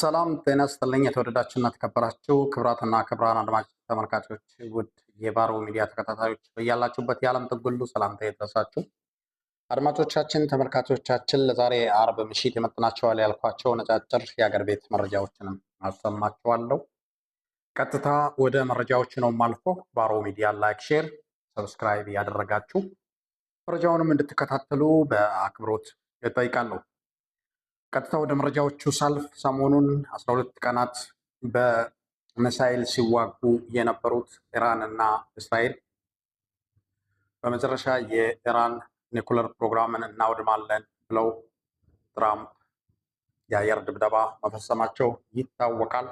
ሰላም ጤና ስጥልኝ። የተወደዳችሁና ተከበራችሁ ክብራትና ክብራን አድማጭ ተመልካቾች፣ ውድ የባሮ ሚዲያ ተከታታዮች በያላችሁበት የዓለም ጥግ ሁሉ ሰላምታ አድማጮቻችን፣ ተመልካቾቻችን ለዛሬ አርብ ምሽት ይመጥናቸዋል ያልኳቸው ነጫጭር የአገር ቤት መረጃዎችንም አሰማችኋለሁ። ቀጥታ ወደ መረጃዎች ነው ማልፎ። ባሮ ሚዲያ ላይክ፣ ሼር፣ ሰብስክራይብ ያደረጋችሁ መረጃውንም እንድትከታተሉ በአክብሮት እጠይቃለሁ። ቀጥታ ወደ መረጃዎቹ ሳልፍ ሰሞኑን አስራ ሁለት ቀናት በሚሳይል ሲዋጉ የነበሩት ኢራን እና እስራኤል በመጨረሻ የኢራን ኒኩለር ፕሮግራምን እናወድማለን ብለው ትራምፕ የአየር ድብደባ መፈጸማቸው ይታወቃል።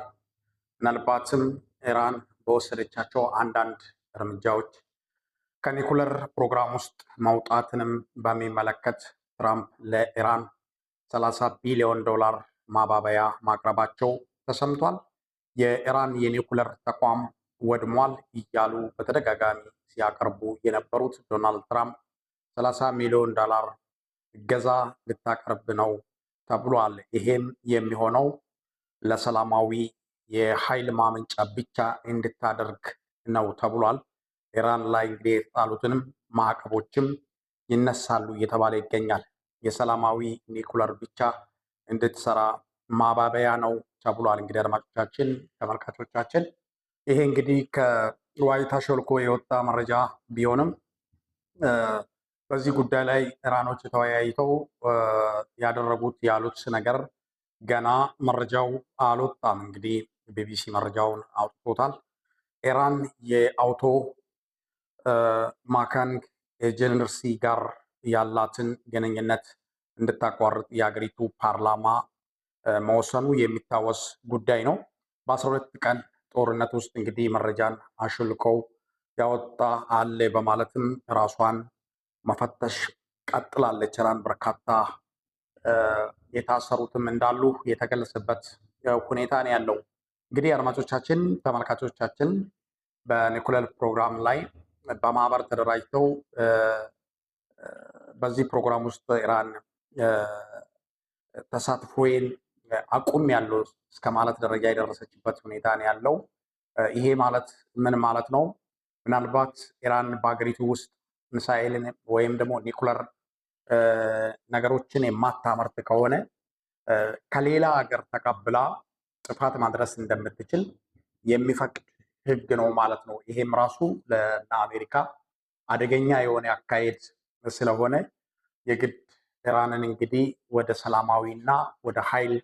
ምናልባትም ኢራን በወሰደቻቸው አንዳንድ እርምጃዎች ከኒኩለር ፕሮግራም ውስጥ መውጣትንም በሚመለከት ትራምፕ ለኢራን 30 ቢሊዮን ዶላር ማባበያ ማቅረባቸው ተሰምቷል። የኢራን የኒውክለር ተቋም ወድሟል እያሉ በተደጋጋሚ ሲያቀርቡ የነበሩት ዶናልድ ትራምፕ 30 ሚሊዮን ዶላር እገዛ ልታቀርብ ነው ተብሏል። ይሄም የሚሆነው ለሰላማዊ የኃይል ማመንጫ ብቻ እንድታደርግ ነው ተብሏል። ኢራን ላይ እንግዲህ የተጣሉትንም ማዕቀቦችም ይነሳሉ እየተባለ ይገኛል። የሰላማዊ ኒኩለር ብቻ እንድትሰራ ማባበያ ነው ተብሏል። እንግዲህ አድማጮቻችን፣ ተመልካቾቻችን ይሄ እንግዲህ ከዋይታ ሾልኮ የወጣ መረጃ ቢሆንም በዚህ ጉዳይ ላይ ኢራኖች ተወያይተው ያደረጉት ያሉት ነገር ገና መረጃው አልወጣም። እንግዲህ ቢቢሲ መረጃውን አውጥቶታል። ኢራን የአውቶ ማካንግ ኤጀንሲ ጋር ያላትን ግንኙነት እንድታቋርጥ የአገሪቱ ፓርላማ መወሰኑ የሚታወስ ጉዳይ ነው። በአስራ ሁለት ቀን ጦርነት ውስጥ እንግዲህ መረጃን አሽልኮው ያወጣ አለ በማለትም ራሷን መፈተሽ ቀጥላለች። ራን በርካታ የታሰሩትም እንዳሉ የተገለጸበት ሁኔታ ነው ያለው። እንግዲህ አድማጮቻችን፣ ተመልካቾቻችን በኒኮለል ፕሮግራም ላይ በማህበር ተደራጅተው በዚህ ፕሮግራም ውስጥ ኢራን ተሳትፎዬን አቁም ያለው እስከ ማለት ደረጃ የደረሰችበት ሁኔታ ነው ያለው። ይሄ ማለት ምን ማለት ነው? ምናልባት ኢራን በሀገሪቱ ውስጥ ሚሳኤልን ወይም ደግሞ ኒኩለር ነገሮችን የማታመርት ከሆነ ከሌላ ሀገር ተቀብላ ጥፋት ማድረስ እንደምትችል የሚፈቅድ ሕግ ነው ማለት ነው። ይሄም ራሱ ለአሜሪካ አደገኛ የሆነ አካሄድ ስለሆነ የግድ ኢራንን እንግዲህ ወደ ሰላማዊና ወደ ኃይል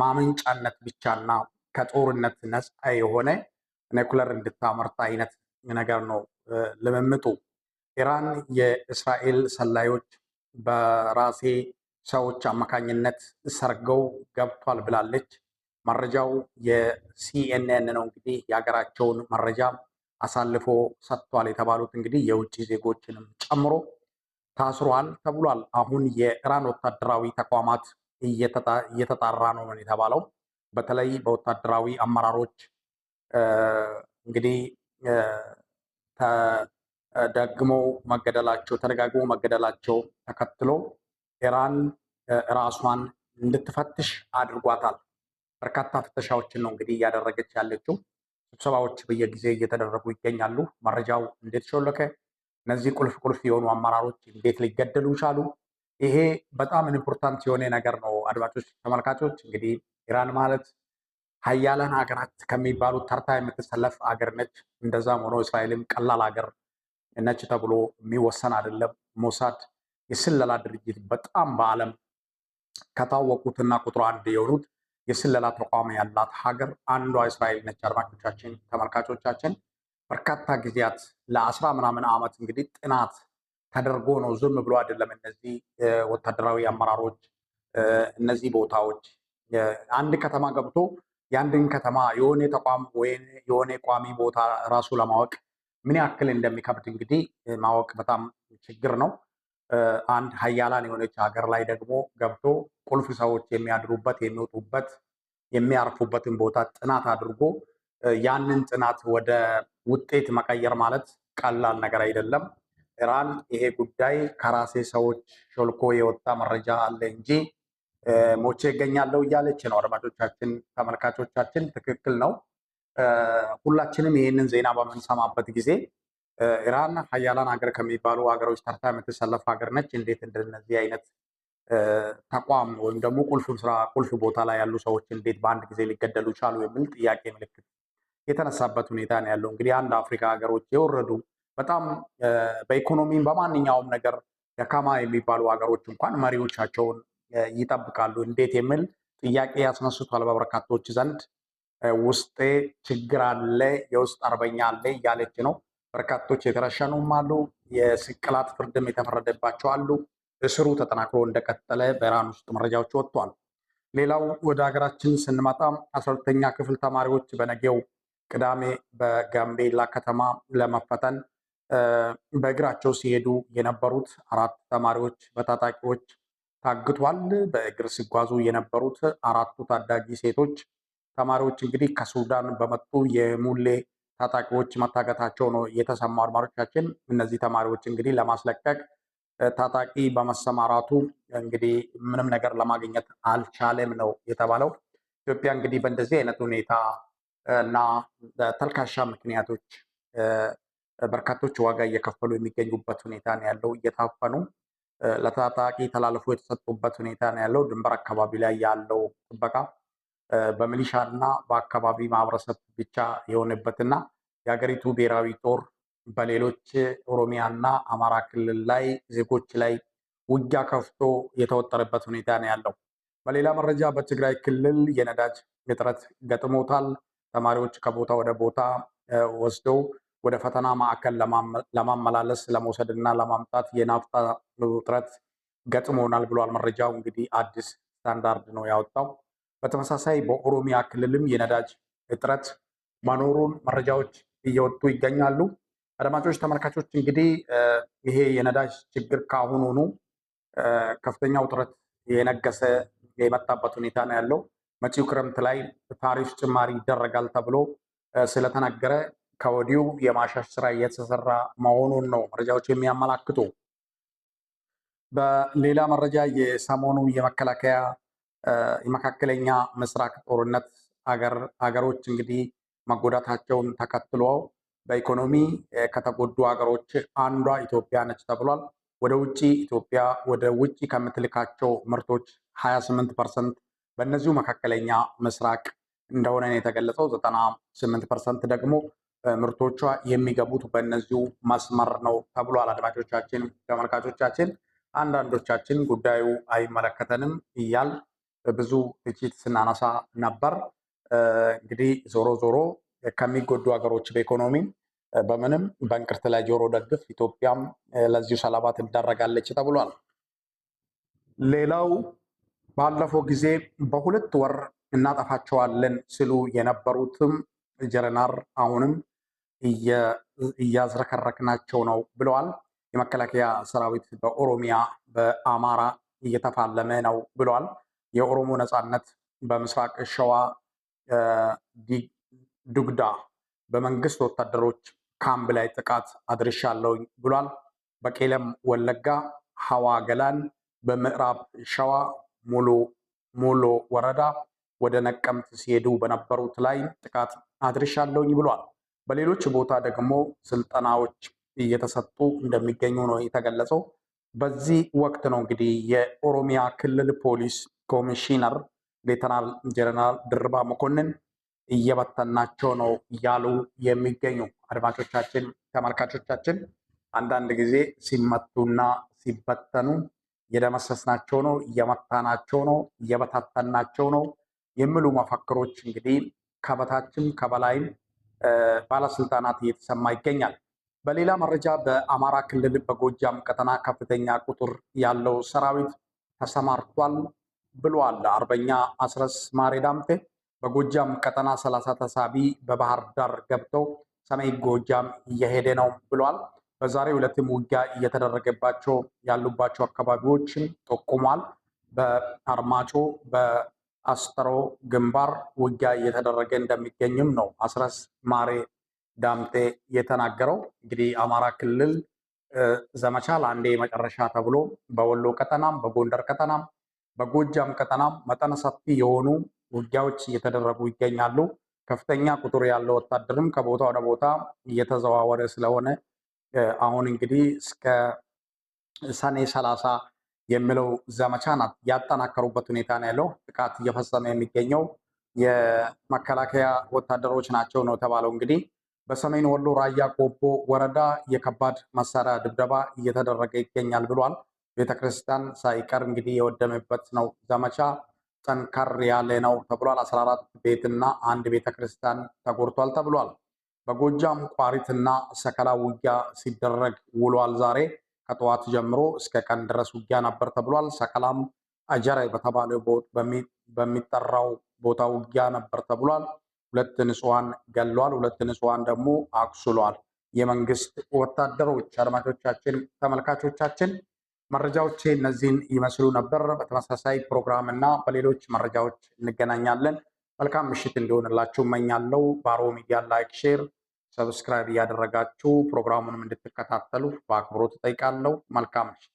ማመንጫነት ብቻና ከጦርነት ነፃ የሆነ ኒኩለር እንድታመርት አይነት ነገር ነው ልምምጡ። ኢራን የእስራኤል ሰላዮች በራሴ ሰዎች አማካኝነት ሰርገው ገብቷል ብላለች። መረጃው የሲኤንኤን ነው። እንግዲህ የሀገራቸውን መረጃ አሳልፎ ሰጥቷል የተባሉት እንግዲህ የውጭ ዜጎችንም ጨምሮ ታስሯል ተብሏል። አሁን የኢራን ወታደራዊ ተቋማት እየተጣራ ነው ነው የተባለው። በተለይ በወታደራዊ አመራሮች እንግዲህ ደግሞ መገደላቸው ተደጋግሞ መገደላቸው ተከትሎ ኢራን ራሷን እንድትፈትሽ አድርጓታል። በርካታ ፍተሻዎችን ነው እንግዲህ እያደረገች ያለችው። ስብሰባዎች በየጊዜ እየተደረጉ ይገኛሉ። መረጃው እንዴት ሾለከ? እነዚህ ቁልፍ ቁልፍ የሆኑ አመራሮች እንዴት ሊገደሉ ቻሉ? ይሄ በጣም ኢምፖርታንት የሆነ ነገር ነው። አድማጮች፣ ተመልካቾች እንግዲህ ኢራን ማለት ሀያላን ሀገራት ከሚባሉት ተርታ የምትሰለፍ ሀገር ነች። እንደዛም ሆኖ እስራኤልም ቀላል ሀገር ነች ተብሎ የሚወሰን አይደለም። ሞሳድ የስለላ ድርጅት በጣም በዓለም ከታወቁትና ቁጥሩ አንድ የሆኑት የስለላ ተቋም ያላት ሀገር አንዷ እስራኤል ነች። አድማጮቻችን፣ ተመልካቾቻችን በርካታ ጊዜያት ለአስራ ምናምን ዓመት እንግዲህ ጥናት ተደርጎ ነው። ዝም ብሎ አይደለም። እነዚህ ወታደራዊ አመራሮች እነዚህ ቦታዎች አንድ ከተማ ገብቶ የአንድን ከተማ የሆነ ተቋም ወይም የሆነ ቋሚ ቦታ ራሱ ለማወቅ ምን ያክል እንደሚከብድ እንግዲህ ማወቅ በጣም ችግር ነው። አንድ ሀያላን የሆነች ሀገር ላይ ደግሞ ገብቶ ቁልፍ ሰዎች የሚያድሩበት የሚወጡበት የሚያርፉበትን ቦታ ጥናት አድርጎ ያንን ጥናት ወደ ውጤት መቀየር ማለት ቀላል ነገር አይደለም። ኢራን ይሄ ጉዳይ ከራሴ ሰዎች ሾልኮ የወጣ መረጃ አለ እንጂ ሞቼ ይገኛለው እያለች ነው። አድማጮቻችን፣ ተመልካቾቻችን ትክክል ነው። ሁላችንም ይህንን ዜና በምንሰማበት ጊዜ ኢራን ሀያላን ሀገር ከሚባሉ ሀገሮች ተርታ የምትሰለፍ ሀገር ነች። እንዴት እንደነዚህ አይነት ተቋም ወይም ደግሞ ቁልፍ ስራ ቁልፍ ቦታ ላይ ያሉ ሰዎች እንዴት በአንድ ጊዜ ሊገደሉ ቻሉ የሚል ጥያቄ ምልክት የተነሳበት ሁኔታ ነው ያለው። እንግዲህ አንድ አፍሪካ ሀገሮች የወረዱ በጣም በኢኮኖሚም በማንኛውም ነገር ደካማ የሚባሉ ሀገሮች እንኳን መሪዎቻቸውን ይጠብቃሉ እንዴት የሚል ጥያቄ ያስነስቷል በበርካቶች ዘንድ። ውስጤ ችግር አለ፣ የውስጥ አርበኛ አለ እያለች ነው በርካቶች የተረሸኑም አሉ። የስቅላት ፍርድም የተፈረደባቸው አሉ። እስሩ ተጠናክሮ እንደቀጠለ በኢራን ውስጥ መረጃዎች ወጥቷል። ሌላው ወደ ሀገራችን ስንመጣ አስራ ሁለተኛ ክፍል ተማሪዎች በነገው ቅዳሜ በጋምቤላ ከተማ ለመፈተን በእግራቸው ሲሄዱ የነበሩት አራት ተማሪዎች በታጣቂዎች ታግቷል። በእግር ሲጓዙ የነበሩት አራቱ ታዳጊ ሴቶች ተማሪዎች እንግዲህ ከሱዳን በመጡ የሙሌ ታጣቂዎች መታገታቸው ነው የተሰማው። አድማጮቻችን እነዚህ ተማሪዎች እንግዲህ ለማስለቀቅ ታጣቂ በመሰማራቱ እንግዲህ ምንም ነገር ለማግኘት አልቻለም ነው የተባለው። ኢትዮጵያ እንግዲህ በእንደዚህ አይነት ሁኔታ እና ተልካሻ ምክንያቶች በርካቶች ዋጋ እየከፈሉ የሚገኙበት ሁኔታ ነው ያለው። እየታፈኑ ለታጣቂ ተላልፎ የተሰጡበት ሁኔታ ነው ያለው። ድንበር አካባቢ ላይ ያለው ጥበቃ በሚሊሻ እና በአካባቢ ማህበረሰብ ብቻ የሆነበትና የሀገሪቱ ብሔራዊ ጦር በሌሎች ኦሮሚያ እና አማራ ክልል ላይ ዜጎች ላይ ውጊያ ከፍቶ የተወጠረበት ሁኔታ ነው ያለው። በሌላ መረጃ በትግራይ ክልል የነዳጅ እጥረት ገጥሞታል። ተማሪዎች ከቦታ ወደ ቦታ ወስደው ወደ ፈተና ማዕከል ለማመላለስ ለመውሰድ እና ለማምጣት የናፍጣ እጥረት ገጥሞናል ብሏል። መረጃው እንግዲህ አዲስ ስታንዳርድ ነው ያወጣው። በተመሳሳይ በኦሮሚያ ክልልም የነዳጅ እጥረት መኖሩን መረጃዎች እየወጡ ይገኛሉ። አድማጮች፣ ተመልካቾች እንግዲህ ይሄ የነዳጅ ችግር ከአሁኑኑ ከፍተኛ ውጥረት የነገሰ የመጣበት ሁኔታ ነው ያለው። መጪው ክረምት ላይ ታሪፍ ጭማሪ ይደረጋል ተብሎ ስለተነገረ ከወዲሁ የማሻሽ ስራ እየተሰራ መሆኑን ነው መረጃዎች የሚያመላክቱ። በሌላ መረጃ የሰሞኑ የመከላከያ የመካከለኛ ምስራቅ ጦርነት አገሮች እንግዲህ መጎዳታቸውን ተከትሎ በኢኮኖሚ ከተጎዱ ሀገሮች አንዷ ኢትዮጵያ ነች ተብሏል። ወደ ውጭ ኢትዮጵያ ወደ ውጭ ከምትልካቸው ምርቶች 28 ፐርሰንት በእነዚሁ መካከለኛ ምስራቅ እንደሆነ የተገለጸው፣ 98 ፐርሰንት ደግሞ ምርቶቿ የሚገቡት በእነዚሁ መስመር ነው ተብሏል። አድማጮቻችን፣ ተመልካቾቻችን አንዳንዶቻችን ጉዳዩ አይመለከተንም እያል ብዙ ትችት ስናነሳ ነበር። እንግዲህ ዞሮ ዞሮ ከሚጎዱ ሀገሮች በኢኮኖሚም በምንም በእንቅርት ላይ ጆሮ ደግፍ ኢትዮጵያም ለዚሁ ሰለባ ትደረጋለች ተብሏል። ሌላው ባለፈው ጊዜ በሁለት ወር እናጠፋቸዋለን ሲሉ የነበሩትም ጀረናር አሁንም እያዝረከረክናቸው ነው ብለዋል። የመከላከያ ሰራዊት በኦሮሚያ በአማራ እየተፋለመ ነው ብለዋል። የኦሮሞ ነጻነት በምስራቅ ሸዋ ዱግዳ በመንግስት ወታደሮች ካምፕ ላይ ጥቃት አድርሻለሁኝ ብሏል። በቄለም ወለጋ ሐዋ ገላን፣ በምዕራብ ሸዋ ሞሎ ወረዳ ወደ ነቀምት ሲሄዱ በነበሩት ላይ ጥቃት አድርሻለሁኝ ብሏል። በሌሎች ቦታ ደግሞ ስልጠናዎች እየተሰጡ እንደሚገኙ ነው የተገለጸው። በዚህ ወቅት ነው እንግዲህ የኦሮሚያ ክልል ፖሊስ ኮሚሽነር ሌተናል ጀነራል ድርባ መኮንን እየበተናቸው ነው እያሉ የሚገኙ አድማጮቻችን፣ ተመልካቾቻችን አንዳንድ ጊዜ ሲመቱና ሲበተኑ እየደመሰስናቸው ነው፣ እየመታናቸው ነው፣ እየበታተናቸው ነው የሚሉ መፈክሮች እንግዲህ ከበታችም ከበላይም ባለስልጣናት እየተሰማ ይገኛል። በሌላ መረጃ በአማራ ክልል በጎጃም ቀጠና ከፍተኛ ቁጥር ያለው ሰራዊት ተሰማርቷል። ብሏል አርበኛ አስረስ ማሬ ዳምጤ። በጎጃም ቀጠና ሰላሳ ተሳቢ በባህር ዳር ገብቶ ሰሜን ጎጃም እየሄደ ነው ብሏል። በዛሬ ሁለትም ውጊያ እየተደረገባቸው ያሉባቸው አካባቢዎችን ጠቁሟል። በአርማጮ በአስተሮ ግንባር ውጊያ እየተደረገ እንደሚገኝም ነው አስረስ ማሬ ዳምጤ የተናገረው። እንግዲህ አማራ ክልል ዘመቻ ለአንዴ መጨረሻ ተብሎ በወሎ ቀጠናም በጎንደር ቀጠናም በጎጃም ቀጠናም መጠነ ሰፊ የሆኑ ውጊያዎች እየተደረጉ ይገኛሉ። ከፍተኛ ቁጥር ያለው ወታደርም ከቦታ ወደ ቦታ እየተዘዋወረ ስለሆነ አሁን እንግዲህ እስከ ሰኔ ሰላሳ የሚለው ዘመቻ ናት ያጠናከሩበት ሁኔታ ነው ያለው። ጥቃት እየፈጸመ የሚገኘው የመከላከያ ወታደሮች ናቸው ነው የተባለው። እንግዲህ በሰሜን ወሎ ራያ ቆቦ ወረዳ የከባድ መሳሪያ ድብደባ እየተደረገ ይገኛል ብሏል። ቤተክርስቲያን ሳይቀር እንግዲህ የወደመበት ነው። ዘመቻ ጠንከር ያለ ነው ተብሏል። 14 ቤትና አንድ ቤተክርስቲያን ተጎድቷል ተብሏል። በጎጃም ቋሪትና ሰከላ ውጊያ ሲደረግ ውሏል። ዛሬ ከጠዋት ጀምሮ እስከ ቀን ድረስ ውጊያ ነበር ተብሏል። ሰከላም አጀራይ በተባለ በሚጠራው ቦታ ውጊያ ነበር ተብሏል። ሁለት ንጹሐን ገሏል። ሁለት ንጹሐን ደግሞ አቁስሏል የመንግስት ወታደሮች። አድማጮቻችን፣ ተመልካቾቻችን መረጃዎች እነዚህን ይመስሉ ነበር። በተመሳሳይ ፕሮግራም እና በሌሎች መረጃዎች እንገናኛለን። መልካም ምሽት እንዲሆንላችሁ እመኛለሁ። ባሮ ሚዲያ ላይክ፣ ሼር፣ ሰብስክራይብ እያደረጋችሁ ፕሮግራሙንም እንድትከታተሉ በአክብሮት እጠይቃለሁ። መልካም ምሽት።